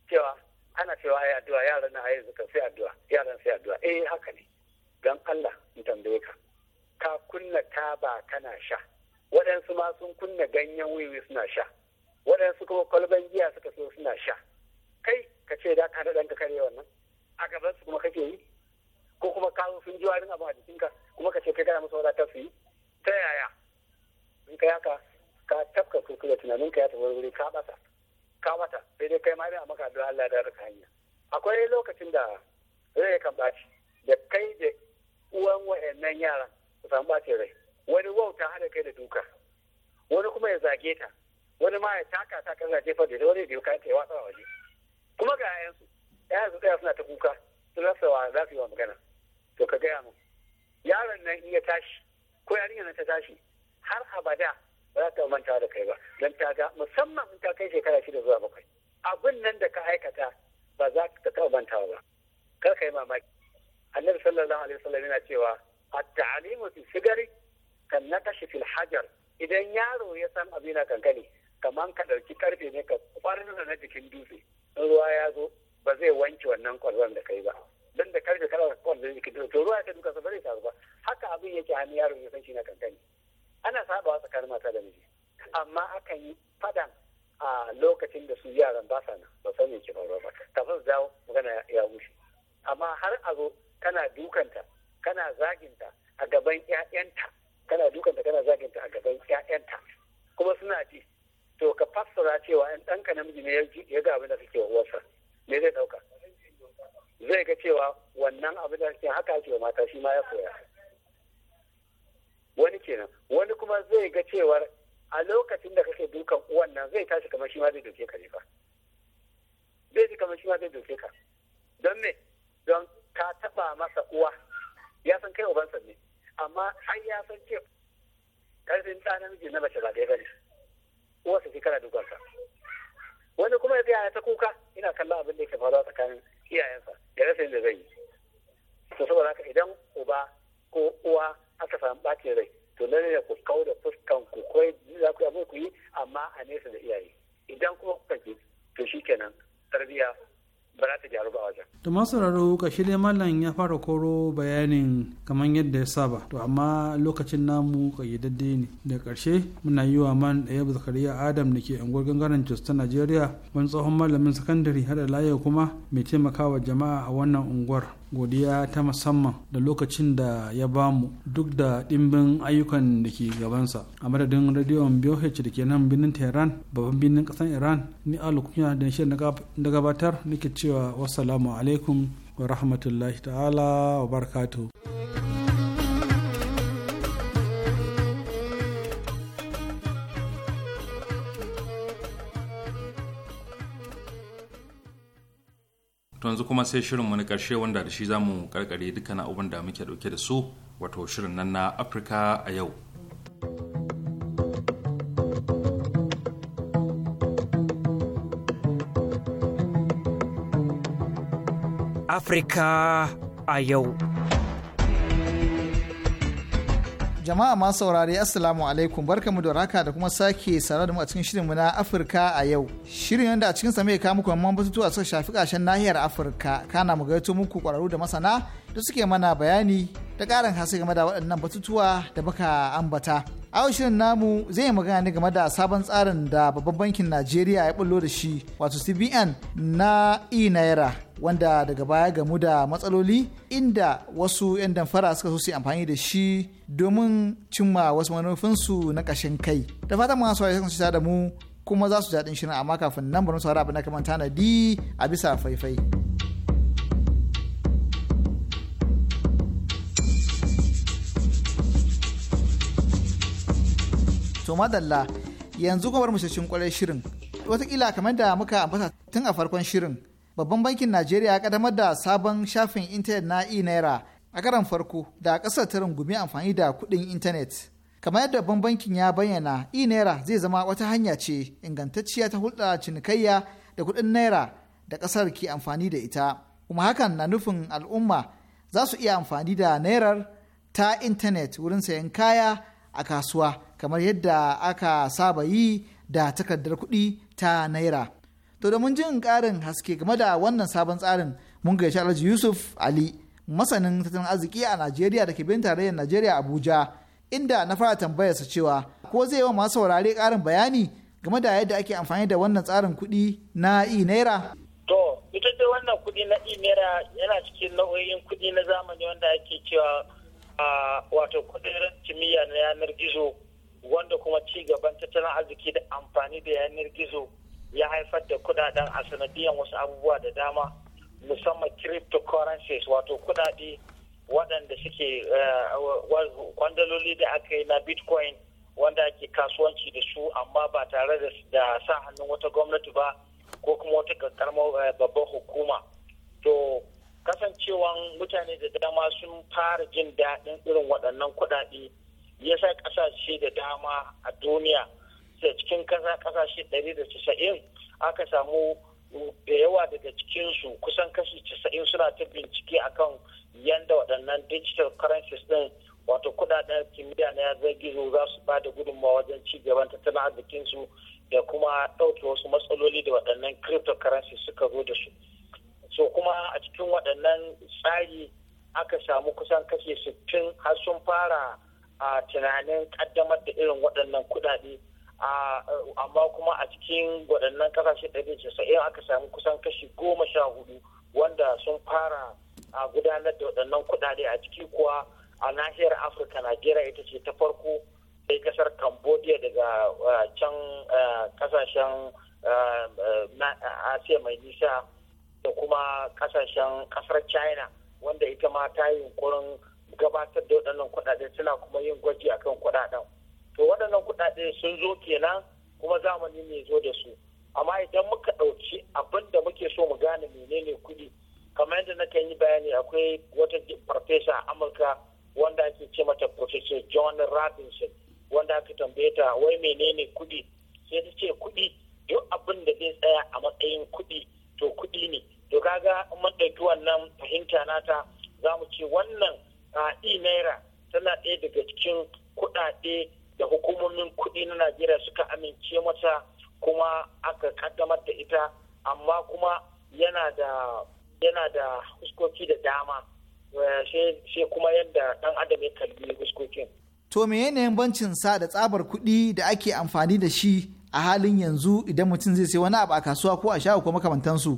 cewa ana cewa ai addu'a yaran na ayyuka kan sai addu'a yaran sai addu'a eh haka ne dan Allah in tambaye ka ka kunna taba kana sha waɗansu ma sun kunna ganyen wiwi suna sha waɗansu kuma kwalban giya suka so suna sha kai ka ce da ka ka kare wannan a gaban su kuma kake yi ko kuma kawo sun ji warin abu a jikinka kuma ka ce kai kana musu wadatar su yi ta yaya in ka yaka ka tafka kuka tunanin ka ya tafi wuri ka bata ka bata sai dai kai ma ina maka addu'a Allah da raka hanya akwai lokacin da rai kan baci da kai da uwan wa'annan yaran su samu bacin rai wani wauta hada kai da duka wani kuma ya zage ta wani ma ya taka ta kan jefa da wani biyu kan ta watsa waje kuma ga yayansu yayan su tsaya suna ta kuka suna sawa za su yi wa magana to ka gaya mu yaron nan iya tashi ko yarinya na ta tashi har abada ba za ta manta da kai ba don ta ga musamman in ta kai shekara shida zuwa bakwai abin nan da ka aikata ba za ka taɓa mantawa ba kar ka yi mamaki annabi sallallahu alaihi wasallam yana cewa at-ta'limu fi sigari kan naqashi fil hajar idan yaro ya san abin yana kankani kaman ka ɗauki karfe ne ka kwarna na jikin dutse in ruwa ya zo ba zai wanke wannan kwalban da kai ba don da karfe kana kwan da jikin to ruwa ka duka ba zai taru ba haka abin yake hannu yaron ya san shi na kankani ana sabawa tsakanin mata da miji amma akan yi fadan a lokacin da su yaran ba sa nan ba sanin ki ke ba kafin su dawo magana ya wuce amma har a zo kana dukanta kana zaginta a gaban ƴaƴanta kana dukanta kana zaginta a gaban ƴaƴanta kuma suna ji to ka fassara cewa in ɗanka namiji ne ya ga abin da suke uwarsa me zai ɗauka zai ga cewa wannan abin da ke haka ake mata shi ma ya koya wani kenan wani kuma zai ga cewar a lokacin da kake dukan uwan nan zai tashi kamar shi ma zai doke ka ne fa zai ji kamar shi ma zai doke ka don me don ka taba masa uwa ya san kai ubansa ne amma har ya san ce karfin ɗa namiji na mace ba ɗaya bane uwarsa shi kana dukansa wani kuma ya ta kuka ina kallon abin da ke faruwa tsakanin iyayensa ya rasa yadda zai yi to saboda haka idan uba ko uwa aka samu ɓacin rai to lallai ne ku kau da fuskan ku ko za ku yi ku yi amma a nesa da iyaye idan kuma kuka ke to shikenan tarbiyya ba ta gyaru ba wajen. ka dai ya fara koro bayanin kamar yadda ya saba to amma lokacin namu kayyadadde ne da karshe muna yi wa man ɗaya zakariya adam da ke unguwar gangaren jos ta najeriya wani tsohon malamin sakandare har da kuma mai taimakawa jama'a a wannan unguwar godiya ta musamman da lokacin da ya bamu duk da ɗimbin ayyukan da ke gabansa a madadin radiyon BOH da ke nan birnin Tehran babban birnin ƙasar Iran ni alukunya da shi da gabatar nake cewa wassalamu alaikum wa rahmatullahi ta'ala wa barakatuhu to yanzu kuma sai shirinmu na karshe wanda da shi za mu karkare dukkan abin da muke dauke da su wato shirin nan na afirka a yau afirka a yau Jama'a ma saurari Assalamu alaikum barkamu da raka da kuma sake saurare da mu a cikin shirinmu na Afirka a yau. Shirin yanda a cikin sa mai kamu kuma batutu a suka shafi kashen nahiyar Afirka kana mu gaito muku kwararru da masana da suke mana bayani da karin haske game da waɗannan batutuwa da baka ambata. A shirin namu zai yi magana ne game da sabon tsarin da babban bankin Najeriya ya bullo da shi wato CBN na e-naira wanda daga baya gamu da matsaloli inda wasu 'yan damfara suka so su amfani da shi domin cimma wasu manufinsu na ƙashin kai da fatan masu wajen sun da mu kuma za su jaɗin shirin amma kafin nan ba su abin da kamar tanadi a bisa faifai. To madalla yanzu kuma bar mu shirin kwarai shirin watakila kamar da muka ambata tun a farkon shirin babban bankin najeriya ya kaddamar da sabon shafin intanet na e-naira a karan farko da ƙasar ta rungumi amfani da kuɗin intanet kamar yadda babban bankin ya bayyana e-naira zai zama wata hanya ce ingantacciya ta hulɗa cinikayya da kuɗin naira da ƙasar ke amfani da ita kuma hakan na nufin al'umma za su iya amfani da nairar ta intanet wurin sayan kaya a kasuwa kamar yadda aka saba yi da takardar kuɗi ta naira. to da mun jin ƙarin haske game da wannan sabon tsarin mun gaishe alhaji yusuf ali masanin tattalin arziki a najeriya da ke bin tarayyar najeriya abuja inda na fara tambayarsa cewa ko zai wa masu saurare ƙarin bayani game da yadda ake amfani da wannan tsarin kuɗi na e naira to ita ce wannan kuɗi na e naira yana cikin nau'o'in kuɗi na zamani wanda ake cewa a wato kuɗin kimiyya na yanar gizo wanda kuma ci gaban tattalin arziki da amfani da yanar gizo ya haifar da kudaden a sanadiyan wasu abubuwa da dama musamman cryptocurrencies wato kudade waɗanda suke eh, kwandaloli da aka yi na bitcoin wanda ake kasuwanci da su amma ba tare da sa hannun wata gwamnati ba ko kuma wata karamar eh, babban hukuma to kasancewan mutane da dama sun fara jin daɗin irin waɗannan kudade ya sa ƙasashe da dama a duniya da cikin kaza kasashe ɗari da casa'in aka samu da yawa daga cikinsu kusan kashi casa'in suna ta bincike akan yadda waɗannan digital currencies ɗin wato kuɗaɗen kimiyya na yanar gizo za su ba da gudunmawa wajen ci gaban tattalin arzikinsu da kuma ɗauke wasu matsaloli da waɗannan cryptocurrency suka zo da su so kuma a cikin waɗannan tsari aka samu kusan kashe sittin har sun fara a tunanin ƙaddamar da irin waɗannan kuɗaɗe amma kuma a cikin waɗannan ƙasashe ɗari casa'in aka samu kusan kashi goma sha hudu wanda sun fara a gudanar da waɗannan kuɗaɗe a ciki kuwa a nahiyar afirka najeriya ita ce ta farko sai kasar cambodia daga can kasashen asiya mai nisa da kuma kasashen ƙasar china wanda ita ma ta yi yunkurin gabatar da waɗannan kuɗaɗe suna kuma yin gwaji akan kuɗaɗen to waɗannan kuɗaɗe sun zo kenan kuma zamani ne zo da su amma idan muka ɗauki abin da muke so mu gane menene kuɗi kamar yadda na yi bayani akwai wata farfesa a amurka wanda ake ce mata professor john robinson wanda aka tambaye ta wai menene kuɗi sai ta ce kuɗi duk abin da zai tsaya a matsayin kuɗi to kuɗi ne to kaga mun ɗauki wannan fahimta nata za mu ce wannan i naira tana ɗaya daga cikin kuɗaɗe da hukumomin kuɗi na najeriya suka amince mata kuma aka kaddamar da ita amma kuma yana da yana da huskoki da dama eh, sai kuma yadda ɗan adam ya kalli huskokin to me yanayin bancin sa da tsabar kuɗi da ake amfani da shi a halin yanzu idan mutum zai sai wani abu a kasuwa ko a shago ko makamantansu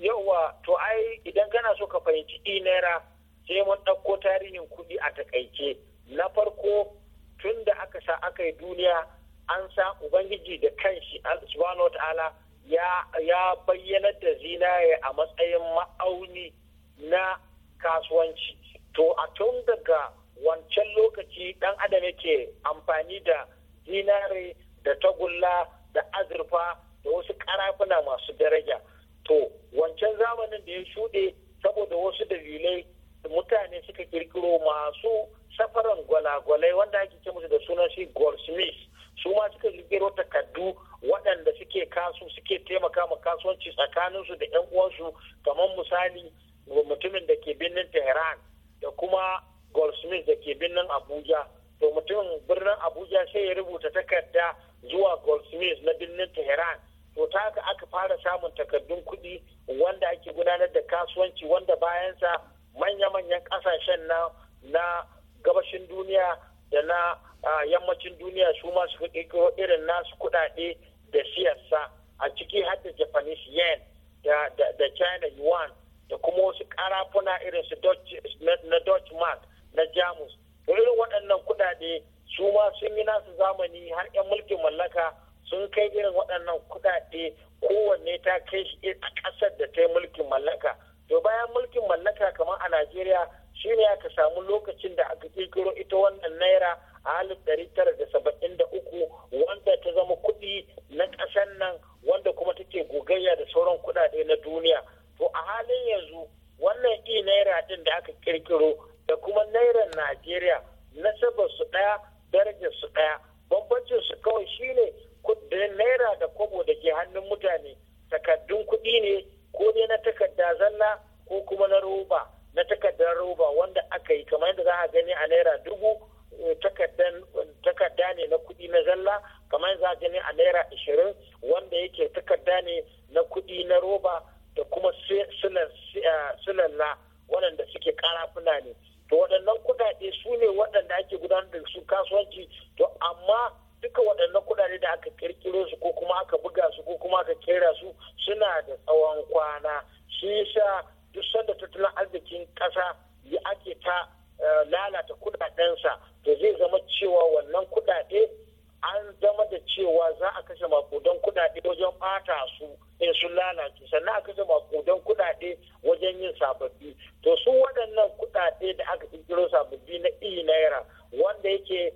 yawwa to ai idan kana so ka fahimci i naira sai mun ɗauko tarihin kuɗi a takaice na farko tun da aka sa aka yi duniya an sa ubangiji da kanshi subhanahu wa ta'ala ya bayyana da zinare a matsayin ma'auni na kasuwanci to a tun daga wancan lokaci dan adam yake amfani da zinare da tagulla da azurfa da wasu karafuna masu daraja to wancan zamanin da ya shuɗe saboda wasu dalilai mutane suka kirkiro masu safaran gwalagwalai wanda ake ce musu da sunan shi goldsmith su ma suka kirkiro takardu waɗanda suke kasu suke taimaka ma kasuwanci tsakaninsu da 'yan uwansu kamar misali mutumin da ke birnin tehran da kuma goldsmith da ke birnin abuja to mutumin birnin abuja sai ya rubuta takarda zuwa goldsmith na birnin tehran to ta haka aka fara samun takardun kuɗi wanda ake gudanar da kasuwanci wanda bayansa manya-manyan ƙasashen na gabashin duniya da na yammacin duniya su ma su kirkiro irin nasu kuɗaɗe da siyasa a ciki har da japanese yen da china yuan da kuma wasu karafuna irin su na dutch mark na jamus da irin waɗannan kuɗaɗe su ma sun yi nasu zamani har 'yan mulkin mallaka sun kai irin waɗannan kuɗaɗe kowanne ta kai shi a ƙasar da ta yi mulkin mallaka to bayan mulkin mallaka kamar a najeriya shi ne aka samu lokacin da aka kirkiro ita wannan naira a halin ɗari tara da saba'in da uku wanda ta zama kuɗi na ƙasar nan wanda kuma take gogayya da sauran kuɗaɗe na duniya to a halin yanzu wannan i naira ɗin da aka kirkiro da kuma naira najeriya nasabar su ɗaya darajar su ɗaya bambancin su kawai shine naira da kwabo da ke hannun mutane takaddun kuɗi ne ko dai na takarda zalla ko kuma na roba na takardar roba wanda aka yi kamar yadda za a gani a naira dubu eh, takarda ne na kuɗi na zalla kamar za a gani a naira ashirin wanda yake takarda ne na kuɗi na roba da kuma sulalla eh, waɗanda suke karafuna ne to waɗannan kuɗaɗe su ne waɗanda ake gudanar da su kasuwanci to amma duka waɗannan kuɗaɗe da aka kirkiro su ko kuma aka buga su ko kuma aka kera su suna da tsawon kwana shi yasa duk sanda tattalin arzikin ƙasa ya ake ta eh, lalata kudadensa to zai zama cewa wannan kudade an zama da cewa za a kashe makudan kudade wajen bata su in sun lalace sannan a kashe makudan kudade wajen yin sababbi to su waɗannan kudade da aka kirkiro sababbi na e naira wanda yake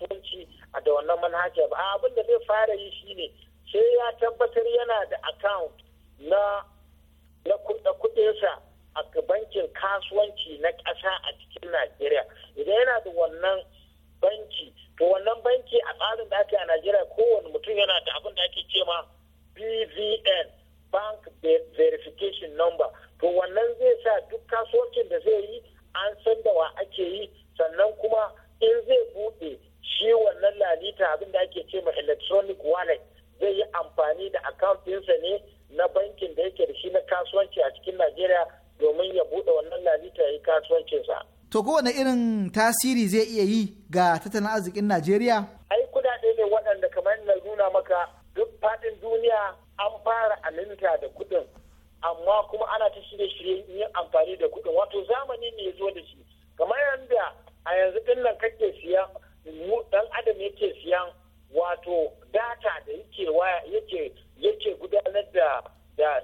kasuwanci a da wannan manhaja ba abin da zai fara yi shine sai ya tabbatar yana da account na na kudinsa a bankin kasuwanci na kasa a cikin najeriya idan yana da wannan banki to wannan banki a tsarin da ake a najeriya kowane mutum yana da abin da ake cema bvn bank verification number to wannan zai sa duk kasuwancin da zai yi an san da wa ake yi sannan kuma in zai buɗe shi wannan lalita abin da ake ce ma electronic wallet zai yi amfani da account ne na bankin da yake da shi na kasuwanci a cikin Najeriya domin ya buɗe wannan lalita ya yi kasuwancinsa. To kowane irin tasiri zai iya yi ga tattalin arzikin Najeriya? Ai kudade ne waɗanda kamar na nuna maka duk faɗin duniya an fara aminta da kuɗin amma kuma ana ta shirye shirye yin amfani da kuɗin wato zamani ne ya zo da shi kamar yadda a yanzu ɗin nan kake siya dan adam yake siyan wato data da yake yake yake gudanar da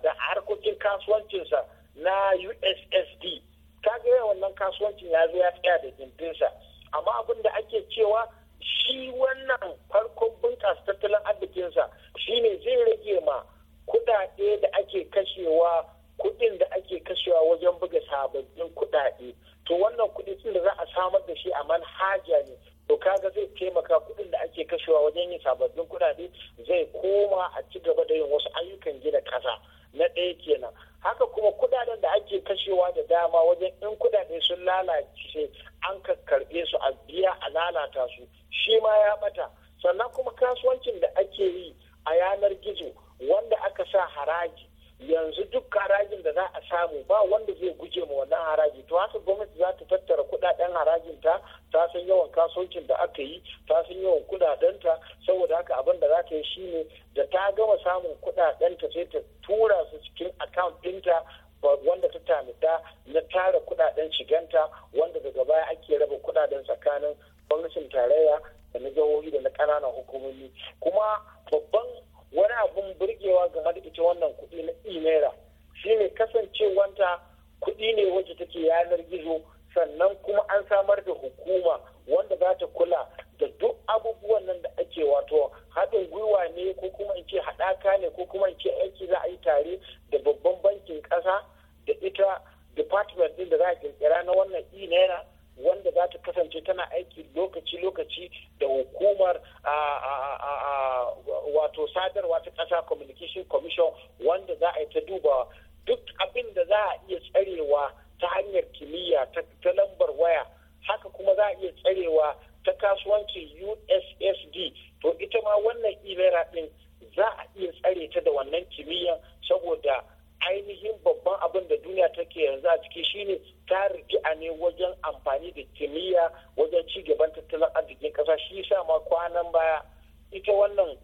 da harkokin kasuwancinsa na ussd kaga yawan wannan kasuwancin ya zo ya tsaya da jintinsa amma abin da ake cewa shi wannan farkon bunƙasa tattalin arzikinsa shine zai rage ma kuɗaɗe da ake kashewa kuɗin da ake kashewa wajen buga sababbin kuɗaɗe to wannan kuɗi da za a samar da shi a manhaja ne to kaga zai taimaka kuɗin da ake kashewa wajen yin sababbin kuɗaɗe zai koma a ci gaba da yin wasu ayyukan gina ƙasa na ɗaya kenan haka kuma kuɗaɗen da ake kashewa da dama wajen in kuɗaɗe sun lalace an karɓe su a biya a lalata su shi ma ya ɓata sannan kuma kasuwancin da ake yi a yanar gizo wanda aka sa haraji yanzu duk harajin da za a samu ba wanda zai guje ma wannan haraji to haka gwamnati za ta tattara kudaden harajin ta ta san yawan kasuwancin da aka yi ta san yawan kudaden ta saboda haka abin da za ta yi shine da ta gama samun kudaden ta sai ta tura su cikin account ɗinta wanda ta tanada na tara kudaden shiganta wanda daga baya ake raba kudaden tsakanin gwamnatin tarayya da na jihohi da na kananan hukumomi kuma babban wani abun burgewa game da ita wannan kuɗi na e-naira shine kasancewanta kuɗi ne wacce take yanar gizo sannan kuma an samar da hukuma wanda za ta kula da duk abubuwan nan da ake wato haɗin gwiwa ne ko kuma in ce haɗaka ne ko kuma in ce aiki za a yi tare da babban bankin ƙasa da ita department ɗin da za a kirkira na wannan e-naira wanda za ta kasance tana aiki lokaci-lokaci da hukumar a wato sadarwa ta ƙasa communication commission wanda za a yi ta duba duk abin da za a iya tsarewa ta hanyar kimiyya ta lambar waya haka kuma za a iya tsarewa ta kasuwanci ussd to ita ma wannan ilera din za a iya tsare ta da wannan kimiyyan saboda ainihin babban abin da duniya take yanzu a ciki shine ta a ne wajen amfani da kimiyya wajen ci gaban tattalin arzikin kasa shi sa ma kwanan baya ita wannan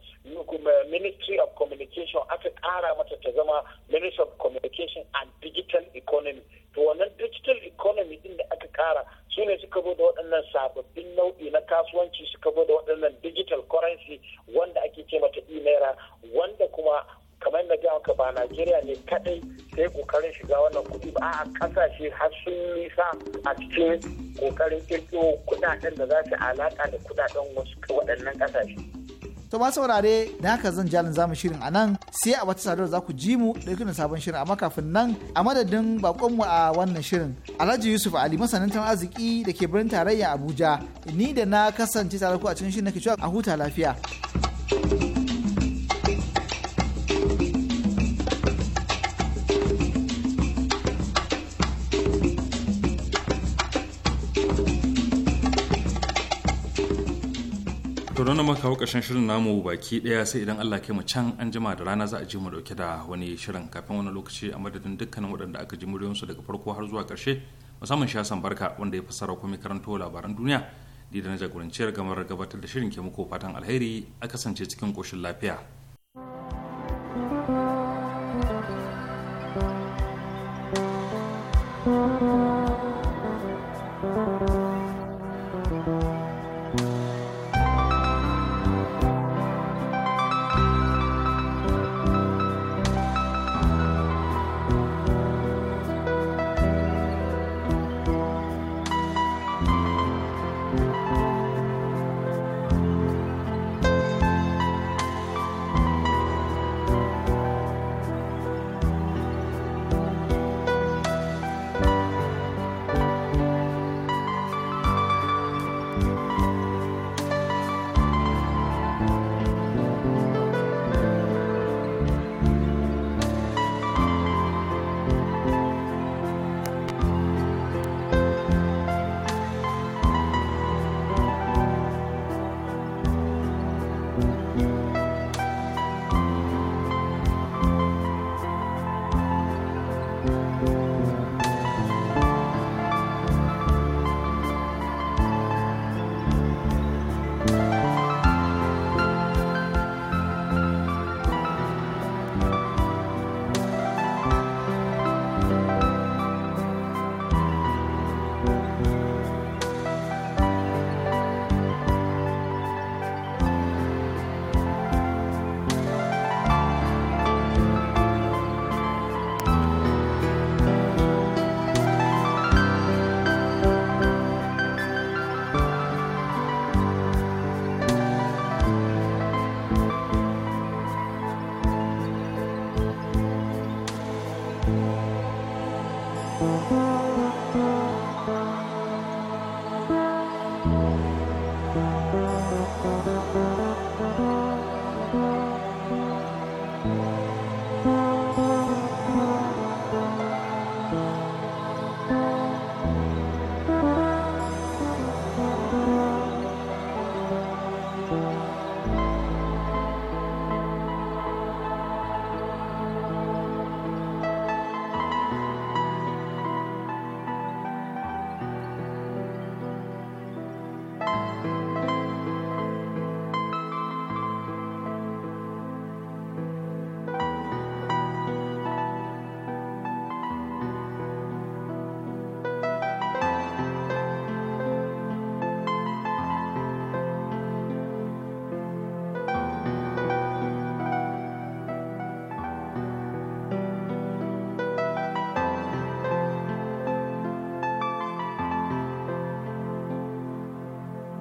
ministry of communication aka kara mata ta zama ministry of communication and digital economy to wannan digital economy din da aka kara sune ne suka zo da waɗannan sababbin nau'i na kasuwanci suka zo da waɗannan digital currency wanda ake ce mata e wanda kuma kamar na gaya ka ba najeriya ne kadai sai kokarin shiga wannan kudi ba a kasashe har sun nisa a cikin kokarin kirkiro kuɗaɗen da za su alaka da kuɗaɗen wasu waɗannan kasashe. to ma saurare da haka zan jalin zamu shirin a nan sai a wata sadarwa za ku ji mu da da sabon shirin amma kafin nan a madadin bakonmu a wannan shirin alhaji yusuf ali masanin tan arziki da ke birnin tarayya abuja ni da na kasance tare ku a cikin shirin nake cewa a huta lafiya. wannan muka kawo ƙarshen shirin namu baki ɗaya sai idan Allah ke mu can an jima da rana za a ji mu dauke da wani shirin kafin wani lokaci a madadin dukkanin waɗanda aka ji muryoyinsu daga farko har zuwa ƙarshe musamman Shasan Barka wanda ya fassara kuma karanto labaran duniya da na jagoranciyar gamar gabatar da shirin ke muku fatan alheri a kasance cikin koshin lafiya.